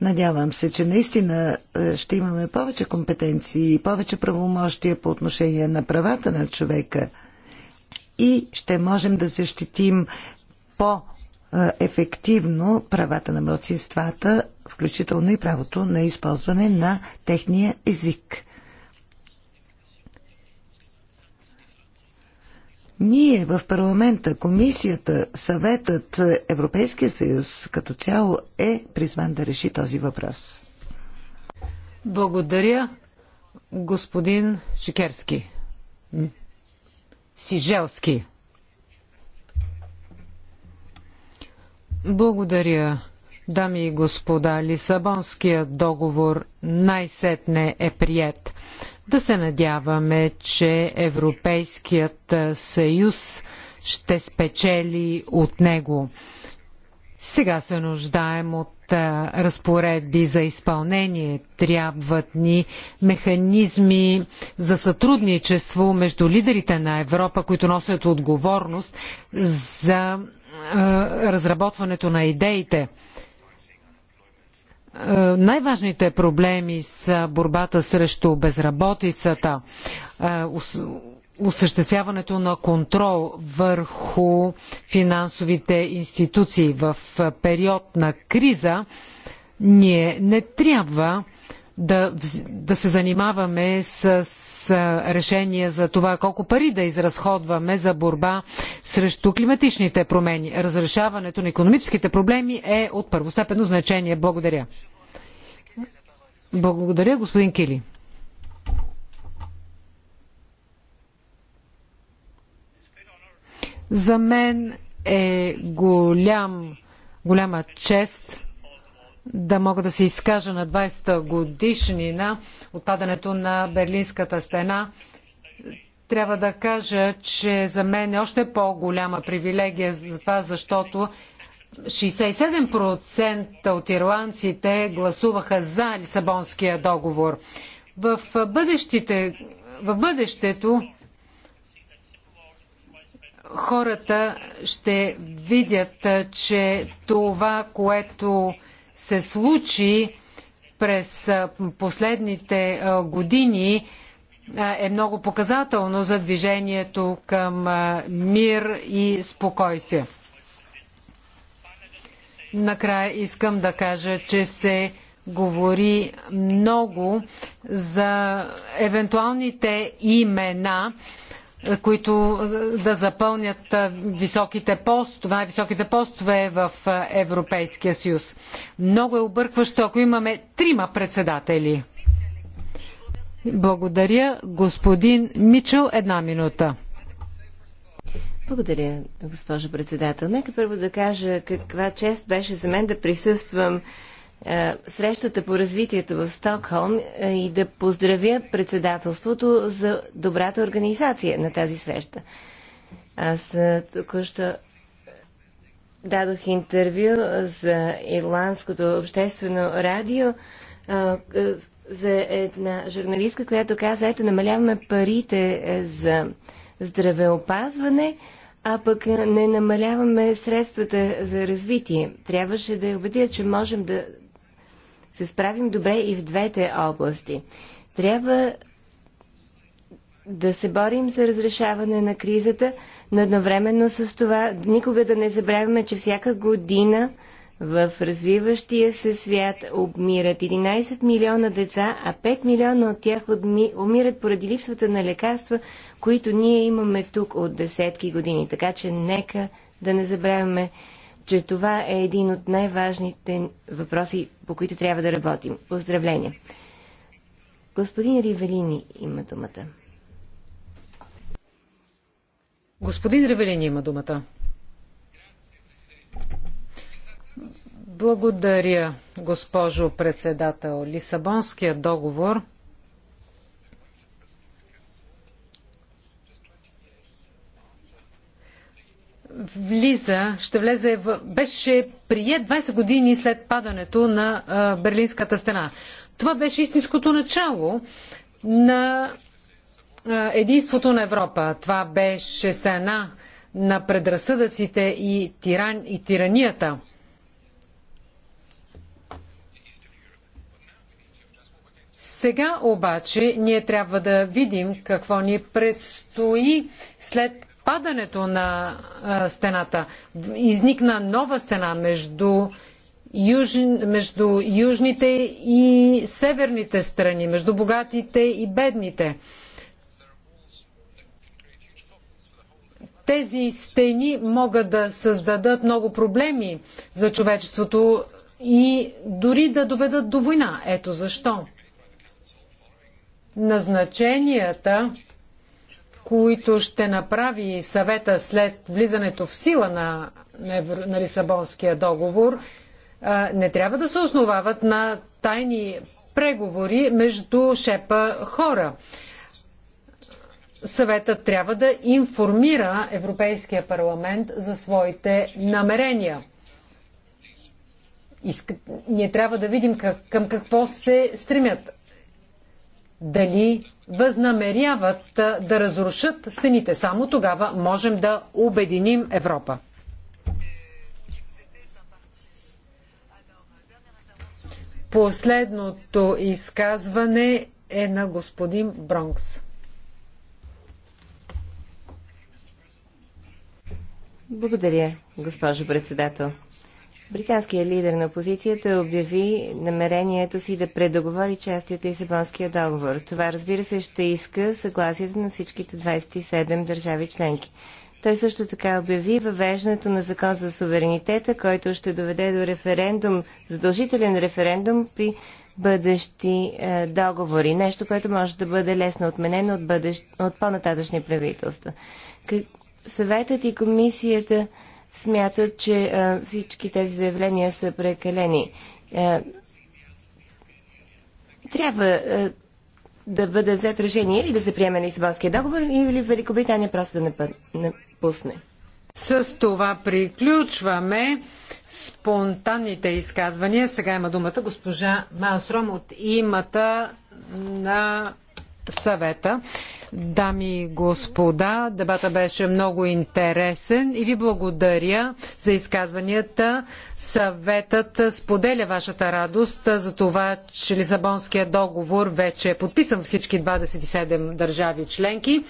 Надявам се, че наистина е, ще имаме повече компетенции и повече правомощия по отношение на правата на човека и ще можем да защитим по-ефективно е, правата на младсинствата включително и правото на използване на техния език. Ние в парламента, комисията, съветът, Европейския съюз като цяло е призван да реши този въпрос. Благодаря, господин Шикерски. Сижелски. Благодаря, Дами и господа, Лисабонският договор най-сетне е прият. Да се надяваме, че Европейският съюз ще спечели от него. Сега се нуждаем от разпоредби за изпълнение. Трябват ни механизми за сътрудничество между лидерите на Европа, които носят отговорност за разработването на идеите. Е, най-важните проблеми са борбата срещу безработицата, е, осъществяването на контрол върху финансовите институции в е, период на криза, ние не трябва да, да се занимаваме с, с решения за това колко пари да изразходваме за борба срещу климатичните промени. Разрешаването на економическите проблеми е от първостепенно значение. Благодаря. Благодаря, господин Кили. За мен е голям, голяма чест да мога да се изкажа на 20-та годишнина отпадането на Берлинската стена. Трябва да кажа, че за мен е още по-голяма привилегия за това, защото 67% от ирландците гласуваха за Лисабонския договор. В, бъдещите, в бъдещето хората ще видят, че това, което се случи през последните години е много показателно за движението към мир и спокойствие. Накрая искам да кажа, че се говори много за евентуалните имена е, които е, да запълнят е, високите постове, най-високите постове в Европейския съюз. Много е объркващо, ако имаме трима председатели. Благодаря. Господин Мичел, една минута. Благодаря, госпожо председател. Нека първо да кажа каква чест беше за мен да присъствам е, срещата по развитието в Стокхолм е, и да поздравя председателството за добрата организация на тази среща. Аз е, току-що дадох интервю за Ирландското обществено радио за една журналистка, която каза, ето намаляваме парите за здравеопазване, а пък не намаляваме средствата за развитие. Трябваше да я убедя, че можем да се справим добре и в двете области. Трябва да се борим за разрешаване на кризата, но едновременно с това никога да не забравяме, че всяка година в развиващия се свят обмират 11 милиона деца, а 5 милиона от тях умират поради липсата на лекарства, които ние имаме тук от десетки години. Така че нека да не забравяме, че това е един от най-важните въпроси, по които трябва да работим. Поздравления! Господин Ривелини има думата. Господин Ривелини има думата. Благодаря, госпожо председател. Лисабонският договор влиза, ще влезе в... беше прият 20 години след падането на а, Берлинската стена. Това беше истинското начало на а, единството на Европа. Това беше стена на предразсъдъците и, тиран... и тиранията. Сега обаче ние трябва да видим какво ни предстои след падането на стената. Изникна нова стена между, юж, между южните и северните страни, между богатите и бедните. Тези стени могат да създадат много проблеми за човечеството и дори да доведат до война. Ето защо назначенията които ще направи съвета след влизането в сила на, на Лисабонския договор, не трябва да се основават на тайни преговори между шепа хора. Съветът трябва да информира Европейския парламент за своите намерения. Иска... Ние трябва да видим как... към какво се стремят. Дали възнамеряват да разрушат стените. Само тогава можем да обединим Европа. Последното изказване е на господин Бронкс. Благодаря, госпожо председател. Британският лидер на опозицията обяви намерението си да предоговори части от Лисабонския договор. Това, разбира се, ще иска съгласието на всичките 27 държави членки. Той също така обяви въвеждането на закон за суверенитета, който ще доведе до референдум, задължителен референдум при бъдещи е, договори. Нещо, което може да бъде лесно отменено от, бъдещ, от по-нататъчни правителства. Как... Съветът и комисията смятат, че а, всички тези заявления са прекалени. А, трябва а, да бъде взет решение или да се приеме Лисабонския договор, или Великобритания просто да не пусне. С това приключваме спонтанните изказвания. Сега има думата госпожа Маасром от имата на съвета. Дами и господа, дебата беше много интересен и ви благодаря за изказванията. Съветът споделя вашата радост за това, че Лисабонският договор вече е подписан всички 27 държави членки.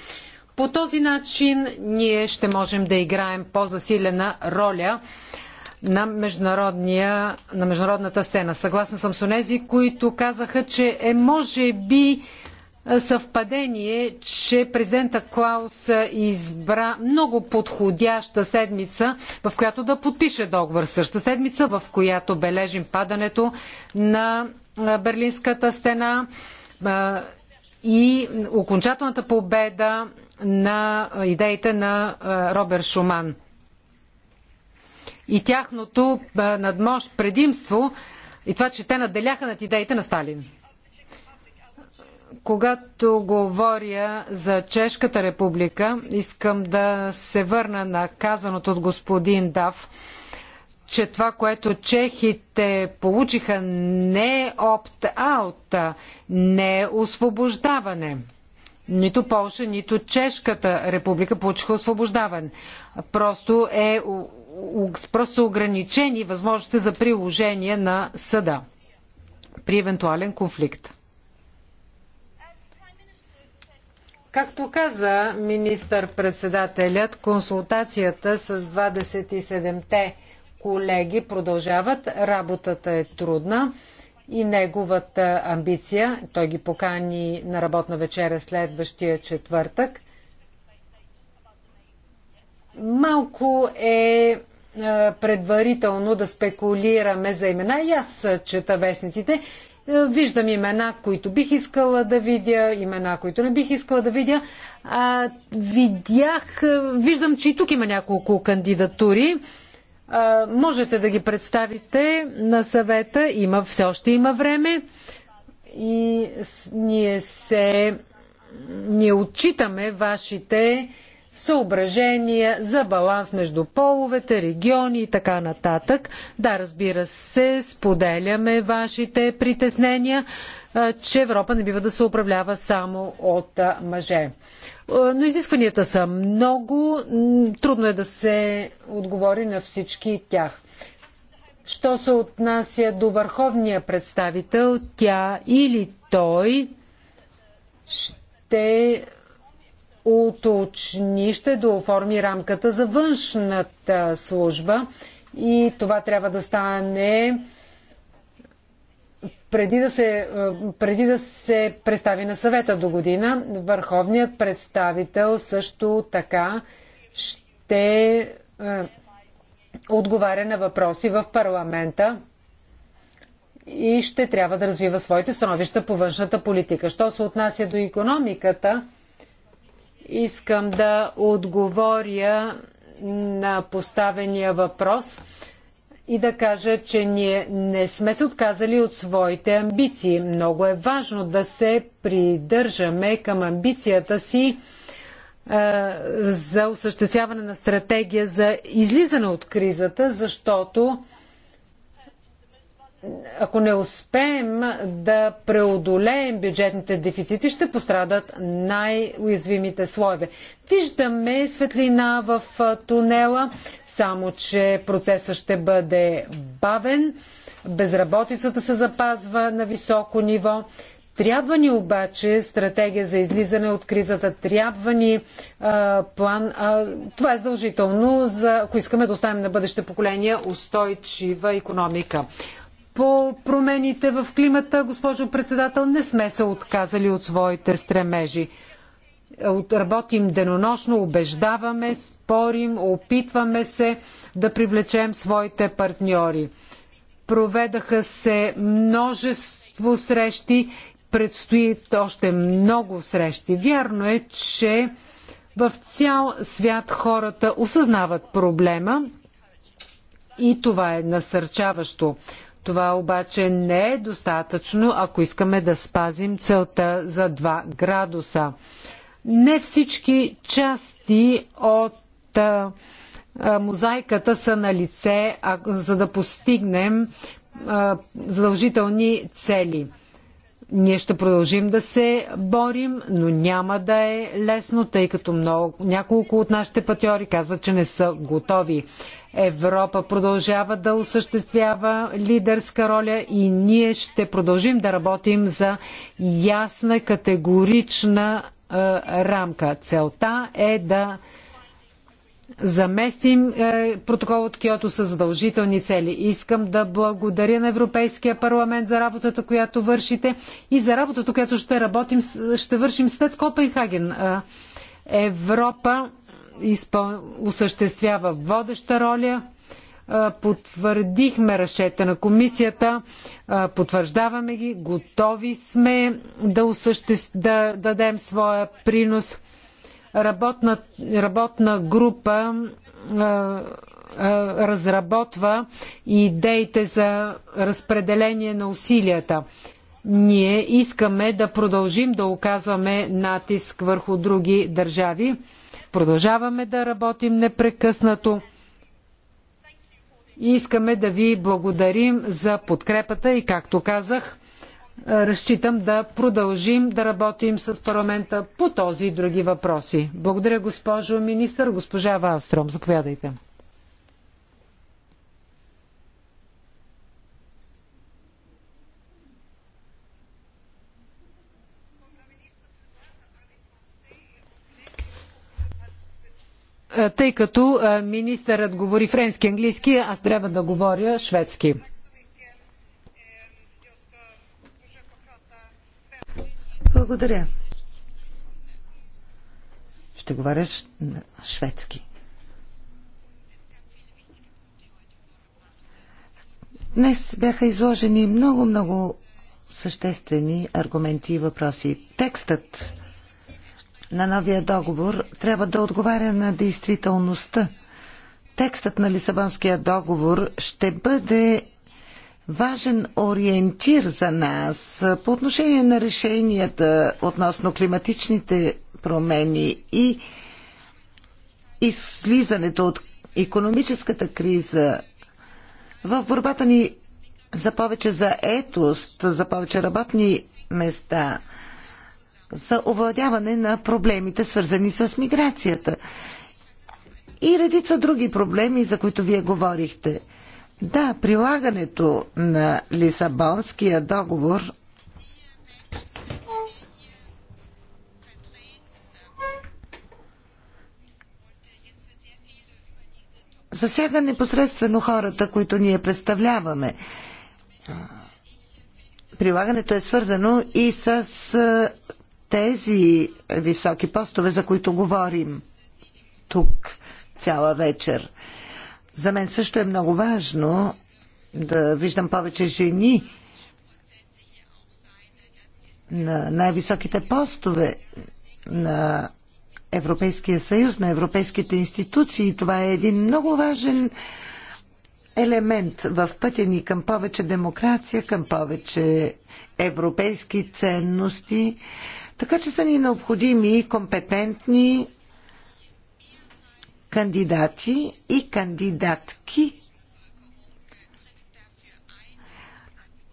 По този начин ние ще можем да играем по-засилена роля на, на международната сцена. Съгласна съм с онези, които казаха, че е може би съвпадение, че президента Клаус избра много подходяща седмица, в която да подпише договор. Същата седмица, в която бележим падането на Берлинската стена и окончателната победа на идеите на Робер Шуман. И тяхното надмощ предимство и това, че те наделяха над идеите на Сталин когато говоря за Чешката република, искам да се върна на казаното от господин Дав, че това, което чехите получиха, не е опт-аут, не е освобождаване. Нито Полша, нито Чешката република получиха освобождаване. Просто, е, просто са ограничени възможности за приложение на съда при евентуален конфликт. Както каза министър-председателят, консултацията с 27-те колеги продължават. Работата е трудна и неговата амбиция. Той ги покани на работна вечеря следващия четвъртък. Малко е, е предварително да спекулираме за имена. И аз чета вестниците е, виждам имена, които бих искала да видя, имена, които не бих искала да видя. А, видях, е, виждам, че и тук има няколко кандидатури. А, е, можете да ги представите на съвета. Има, все още има време. И ние се. Ние отчитаме вашите съображения за баланс между половете, региони и така нататък. Да, разбира се, споделяме вашите притеснения, че Европа не бива да се управлява само от мъже. Но изискванията са много, трудно е да се отговори на всички тях. Що се отнася до върховния представител, тя или той ще уточни, ще дооформи рамката за външната служба и това трябва да стане преди да се, преди да се представи на съвета до година. Върховният представител също така ще е, отговаря на въпроси в парламента и ще трябва да развива своите становища по външната политика. Що се отнася до економиката, Искам да отговоря на поставения въпрос и да кажа, че ние не сме се отказали от своите амбиции. Много е важно да се придържаме към амбицията си е, за осъществяване на стратегия за излизане от кризата, защото ако не успеем да преодолеем бюджетните дефицити, ще пострадат най-уязвимите слоеве. Виждаме светлина в тунела, само че процесът ще бъде бавен, безработицата се запазва на високо ниво. Трябва ни обаче стратегия за излизане от кризата, трябва ни а, план. А, това е задължително, за, ако искаме да оставим на бъдеще поколения устойчива економика по промените в климата, госпожо председател, не сме се отказали от своите стремежи. Работим денонощно, убеждаваме, спорим, опитваме се да привлечем своите партньори. Проведаха се множество срещи, предстоят още много срещи. Вярно е, че в цял свят хората осъзнават проблема и това е насърчаващо. Това обаче не е достатъчно, ако искаме да спазим целта за 2 градуса. Не всички части от а, мозайката са на лице, а, за да постигнем а, задължителни цели. Ние ще продължим да се борим, но няма да е лесно, тъй като много, няколко от нашите патьори казват, че не са готови. Европа продължава да осъществява лидерска роля и ние ще продължим да работим за ясна, категорична е, рамка. Целта е да заместим е, протокол от Киото с задължителни цели. Искам да благодаря на Европейския парламент за работата, която вършите и за работата, която ще, работим, ще вършим след Копенхаген. Европа изпъл... осъществява водеща роля. Потвърдихме разчета на комисията, потвърждаваме ги, готови сме да, осъществ... да дадем своя принос. Работна, работна група разработва идеите за разпределение на усилията. Ние искаме да продължим да оказваме натиск върху други държави. Продължаваме да работим непрекъснато. И искаме да ви благодарим за подкрепата и, както казах, разчитам да продължим да работим с парламента по този и други въпроси. Благодаря, госпожо министър. Госпожа Валстром, заповядайте. Е, тъй като е, министърът говори френски и английски, аз трябва да говоря шведски. Благодаря. Ще на шведски. Днес бяха изложени много-много съществени аргументи и въпроси. Текстът на новия договор трябва да отговаря на действителността. Текстът на Лисабонския договор ще бъде важен ориентир за нас по отношение на решенията относно климатичните промени и излизането от економическата криза в борбата ни за повече заетост, за повече работни места – за овладяване на проблемите, свързани с миграцията. И редица други проблеми, за които вие говорихте. Да, прилагането на Лисабонския договор засяга непосредствено хората, които ние представляваме. Прилагането е свързано и с тези високи постове, за които говорим тук цяла вечер. За мен също е много важно да виждам повече жени на най-високите постове на Европейския съюз, на европейските институции. Това е един много важен елемент в пътя ни към повече демокрация, към повече европейски ценности. Така че са ни необходими компетентни кандидати и кандидатки.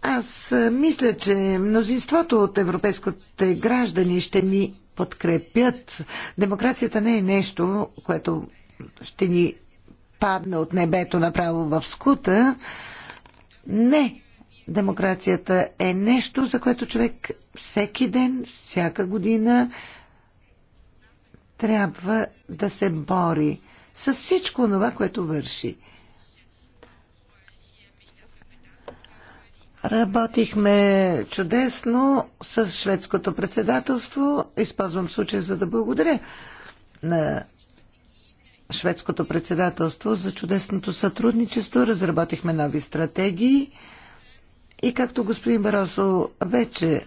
Аз мисля, че мнозинството от европейските граждани ще ни подкрепят. Демокрацията не е нещо, което ще ни падне от небето направо в скута. Не. Демокрацията е нещо, за което човек всеки ден, всяка година трябва да се бори с всичко това, което върши. Работихме чудесно с шведското председателство. Използвам случая за да благодаря на шведското председателство за чудесното сътрудничество. Разработихме нови стратегии и както господин Баросо вече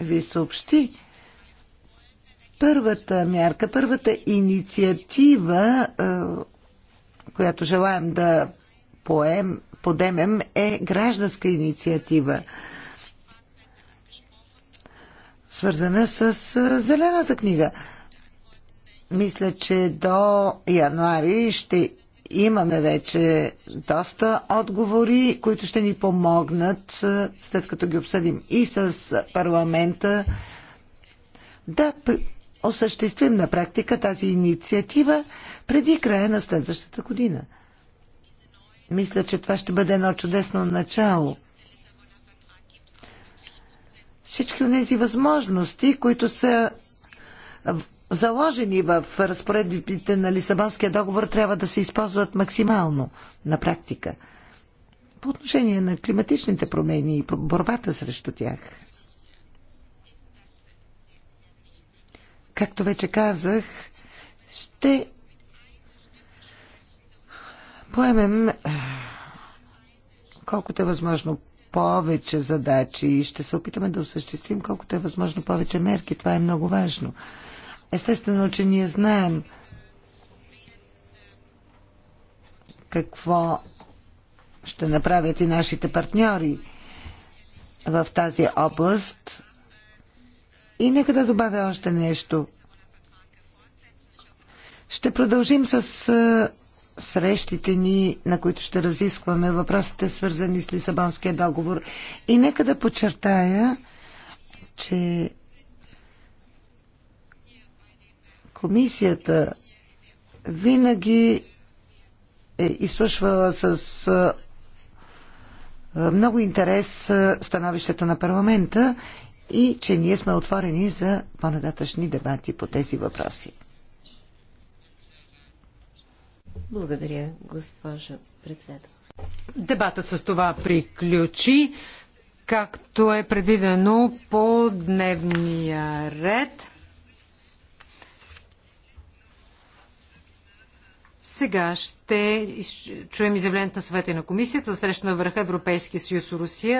ви съобщи, първата мярка, първата инициатива, е, която желаем да поем, подемем, е гражданска инициатива, свързана с е, Зелената книга. Мисля, че до януари ще имаме вече доста отговори, които ще ни помогнат, е, след като ги обсъдим и с парламента, да осъществим на практика тази инициатива преди края на следващата година. Мисля, че това ще бъде едно чудесно начало. Всички от тези възможности, които са заложени в разпоредбите на Лисабонския договор, трябва да се използват максимално на практика. По отношение на климатичните промени и борбата срещу тях. Както вече казах, ще поемем е, колкото е възможно повече задачи и ще се опитаме да осъществим колкото е възможно повече мерки. Това е много важно. Естествено, че ние знаем какво ще направят и нашите партньори в тази област. И нека да добавя още нещо. Ще продължим с срещите ни, на които ще разискваме въпросите, свързани с Лисабонския договор. И нека да подчертая, че комисията винаги е изслушвала с много интерес становището на парламента и че ние сме отворени за по-нататъчни дебати по тези въпроси. Благодаря, госпожа председател. Дебатът с това приключи, както е предвидено по дневния ред. Сега ще чуем изявлението на съвета и на комисията за среща на върха Европейския съюз Русия